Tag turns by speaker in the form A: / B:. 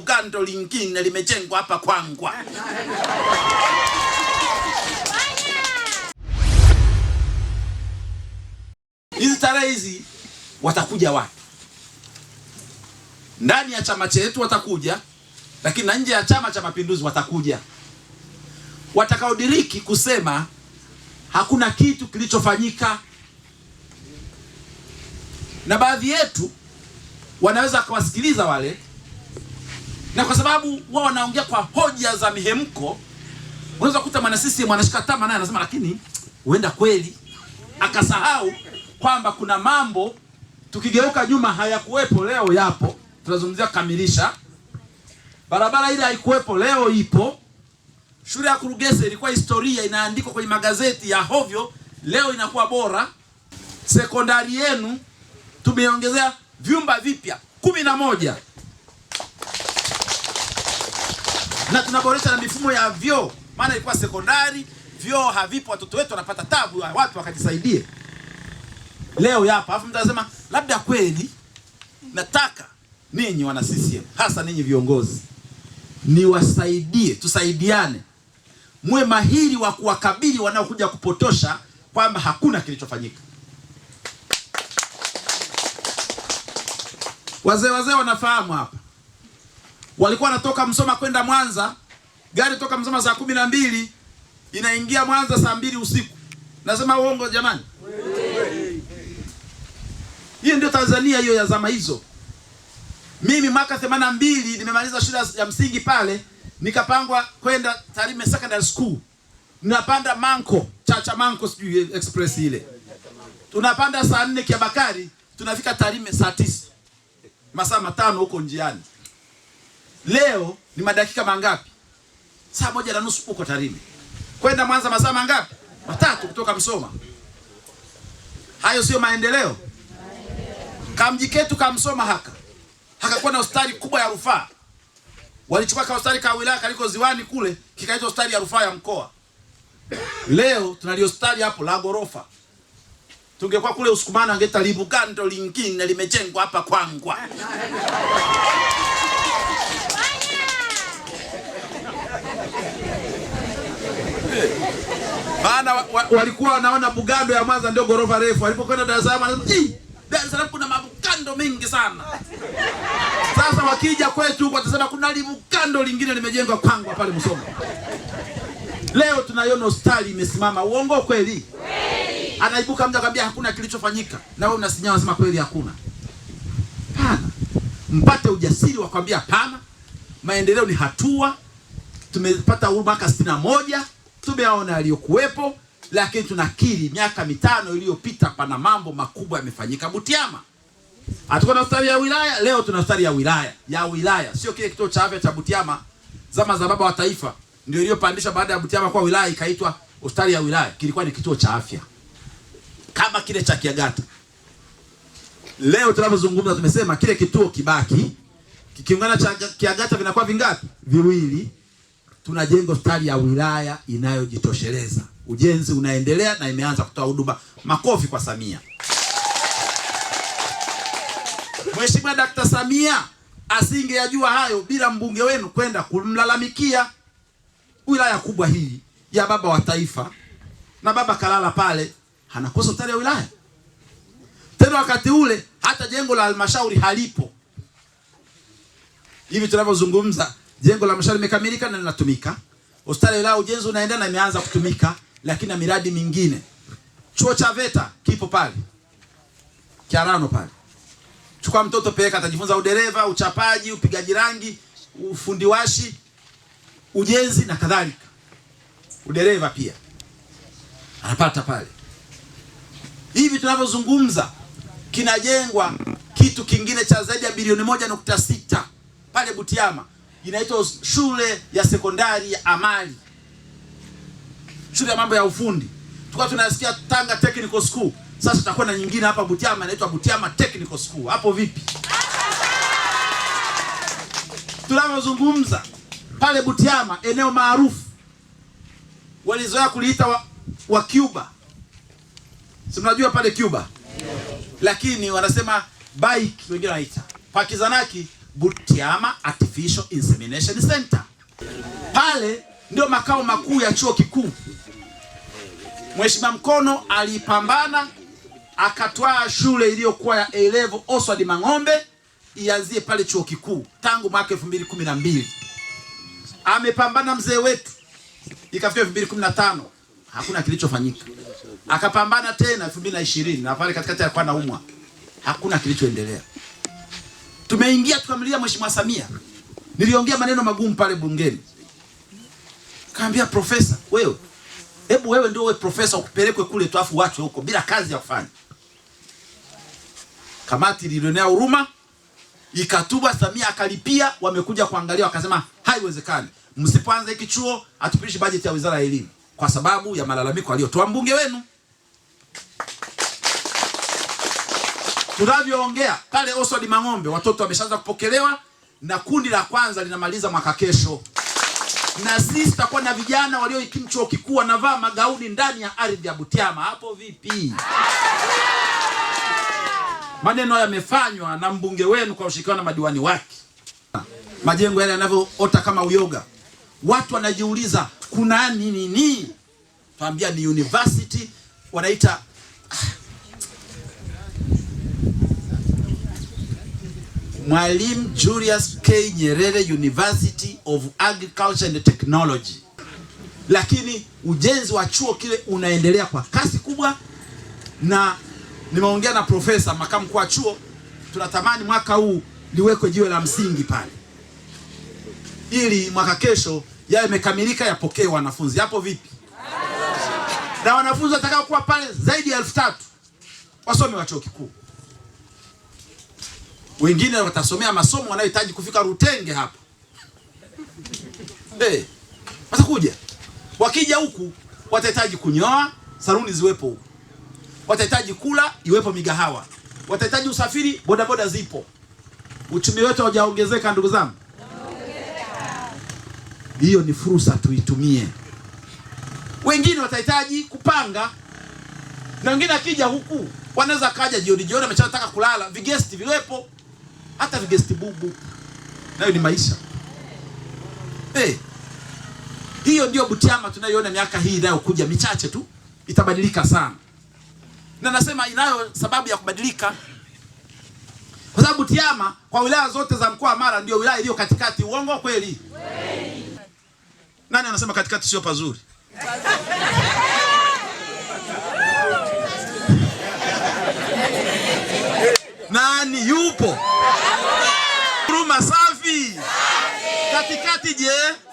A: jibu lingine limejengwa hapa Kwangwa. hizi tarehe hizi watakuja watu ndani ya chama chetu watakuja, lakini na nje ya Chama cha Mapinduzi watakuja watakaodiriki kusema hakuna kitu kilichofanyika, na baadhi yetu wanaweza kuwasikiliza wale na kwa sababu wao wanaongea kwa hoja za mihemko, unaweza kukuta mwana CCM anashika tama naye anasema, lakini huenda kweli akasahau kwamba kuna mambo tukigeuka nyuma hayakuwepo, leo yapo. Tunazungumzia kamilisha barabara, ile haikuwepo, leo ipo. Shule ya Kurugese ilikuwa historia inaandikwa kwenye magazeti ya hovyo, leo inakuwa bora. Sekondari yenu tumeongezea vyumba vipya kumi na moja. na tunaboresha na mifumo ya vyoo, maana ilikuwa sekondari vyoo havipo, watoto wetu wanapata tabu, watu wakajisaidie. Leo hapa afu mtu anasema labda kweli. Nataka ninyi wana CCM, hasa ninyi viongozi, niwasaidie, tusaidiane, mwe mahiri wa kuwakabili wanaokuja kupotosha kwamba hakuna kilichofanyika. Wazee wazee wanafahamu hapa walikuwa wanatoka Msoma kwenda Mwanza, gari toka Msoma saa kumi na mbili inaingia Mwanza saa mbili usiku. Nasema uongo jamani? Hiyo ndio Tanzania hiyo ya zama hizo. Mimi mwaka themanini na mbili nimemaliza shule ya msingi pale, nikapangwa kwenda Tarime Secondary School, napanda manko chacha manko, sijui express ile, tunapanda saa nne Kiabakari, tunafika Tarime saa tisa, masaa matano huko njiani. Leo ni madakika mangapi? Saa moja na nusu uko Tarime, kwenda Mwanza masaa mangapi? Matatu kutoka Msoma. Hayo sio maendeleo? Kamji ketu kamsoma haka hakakuwa na hospitali kubwa ya rufaa, walichukua ka hospitali ka wilaya kaliko ziwani kule, kikaitwa hospitali ya rufaa ya mkoa. Leo tunali hospitali hapo la gorofa. Tungekuwa kule Usukumani angeita libugando lingine limejengwa hapa Kwangwa. Niambie. Maana wa, wa, walikuwa wanaona Bugando ya Mwanza ndio gorofa refu. Walipokwenda Dar es Salaam wanasema, Dar es Salaam kuna mabukando mengi sana. Sasa wakija kwetu huko watasema kuna libukando lingine limejengwa kwangu pale Musoma. Leo tunaiona hospitali imesimama. Uongo kweli? Kweli. Anaibuka mtu akwambia hakuna kilichofanyika. Na wewe unasinyaa unasema kweli hakuna. Hapana. Mpate ujasiri wa kwambia hapana. Maendeleo ni hatua. Tumepata uhuru mwaka sitini na moja tumeona aliyokuwepo, lakini tunakiri miaka mitano iliyopita pana mambo makubwa yamefanyika Butiama. Hatuko na hospitali ya wilaya, leo tuna hospitali ya wilaya ya wilaya, sio kile kituo cha afya cha Butiama zama za baba wa taifa ndio iliyopandishwa baada ya Butiama kuwa wilaya ikaitwa hospitali ya wilaya. Kilikuwa ni kituo cha afya kama kile cha Kiagata. Leo tunapozungumza, tumesema kile kituo kibaki, kikiungana cha Kiagata vinakuwa vingapi? Viwili tunajenga hospitali ya wilaya inayojitosheleza. Ujenzi unaendelea na imeanza kutoa huduma. Makofi kwa Samia. Mheshimiwa Dkt. Samia asingeyajua hayo bila mbunge wenu kwenda kumlalamikia. Wilaya kubwa hii ya baba wa taifa, na baba kalala pale, anakosa hospitali ya wilaya tena. Wakati ule hata jengo la halmashauri halipo hivi tunavyozungumza Jengo la Mshale limekamilika na linatumika. Hospitali la ujenzi unaendelea na imeanza kutumika, lakini na miradi mingine. Chuo cha VETA kipo pale. Kiarano pale. Chukua mtoto peleka, atajifunza udereva, uchapaji, upigaji rangi, ufundi washi, ujenzi na kadhalika. Udereva pia. Anapata pale. Hivi tunavyozungumza kinajengwa kitu kingine cha zaidi ya bilioni moja nukta sita pale Butiama inaitwa shule ya sekondari ya amali, shule ya mambo ya ufundi. Tulikuwa tunasikia Tanga Technical School, sasa tutakuwa na nyingine hapa Butiama inaitwa Butiama Technical School. Hapo vipi? Tunavyozungumza pale Butiama, eneo maarufu walizoea kuliita wa, wa Cuba, si mnajua pale Cuba, lakini wanasema bike wengine wanaita pakizanaki Butiama Artificial Insemination Center. Pale ndio makao makuu ya chuo kikuu. Mheshimiwa Mkono alipambana akatwaa shule iliyokuwa ya elevo Oswald Mang'ombe ianzie pale chuo kikuu tangu mwaka 2012. Amepambana mzee wetu ikafika 2015 hakuna kilichofanyika. Akapambana tena 2020 na pale katikati alikuwa anaumwa. Hakuna kilichoendelea. Tumeingia tukamlia Mheshimiwa Samia. Niliongea maneno magumu pale bungeni. Kaambia profesa, wewe hebu wewe ndio wewe profesa ukupelekwe kule tuafu watu huko bila kazi ya kufanya. Kamati ilionea huruma ikatuba, Samia akalipia, wamekuja kuangalia wakasema haiwezekani. Msipoanza hiki chuo hatupitishi bajeti ya Wizara ya Elimu kwa sababu ya malalamiko aliyotoa mbunge wenu. tunavyoongea pale Oswald Mang'ombe watoto wameshaanza kupokelewa na kundi la kwanza linamaliza mwaka kesho, na sisi tutakuwa na vijana waliohitimu chuo kikuu wanavaa magauni ndani ya ardhi ya Butiama. Hapo vipi? Maneno yamefanywa na mbunge wenu kwa ushirikiano na madiwani wake. Majengo yale yanavyoota kama uyoga, watu wanajiuliza kuna nini? Tuambia ni university wanaita Mwalimu Julius K Nyerere University of Agriculture and Technology, lakini ujenzi wa chuo kile unaendelea kwa kasi kubwa, na nimeongea na profesa makamu kwa wa chuo, tunatamani mwaka huu liwekwe jiwe la msingi pale, ili mwaka kesho yayo yamekamilika, yapokee wanafunzi. Hapo vipi? Na wanafunzi watakao kuwa pale zaidi ya elfu tatu wasomi wa chuo kikuu wengine watasomea masomo wanayohitaji kufika Rutenge hapa hey. Eh, watakuja wakija huku watahitaji kunyoa, saluni ziwepo huku, watahitaji kula, iwepo migahawa, watahitaji usafiri, bodaboda zipo. Uchumi wetu haujaongezeka ndugu zangu, hiyo ni fursa, tuitumie. Wengine watahitaji kupanga, na wengine akija huku wanaweza kaja jioni jioni, ameshataka kulala, vigesti viwepo hata vigesti bubu nayo ni maisha hey. Eh. Hiyo ndio Butiama tunayoona miaka hii inayokuja michache tu itabadilika sana, na nasema inayo sababu ya kubadilika kwa sababu Butiama kwa wilaya zote za mkoa wa Mara ndio wilaya iliyo katikati. Uongo kweli? Nani anasema katikati sio pazuri? Nani yupo? strategy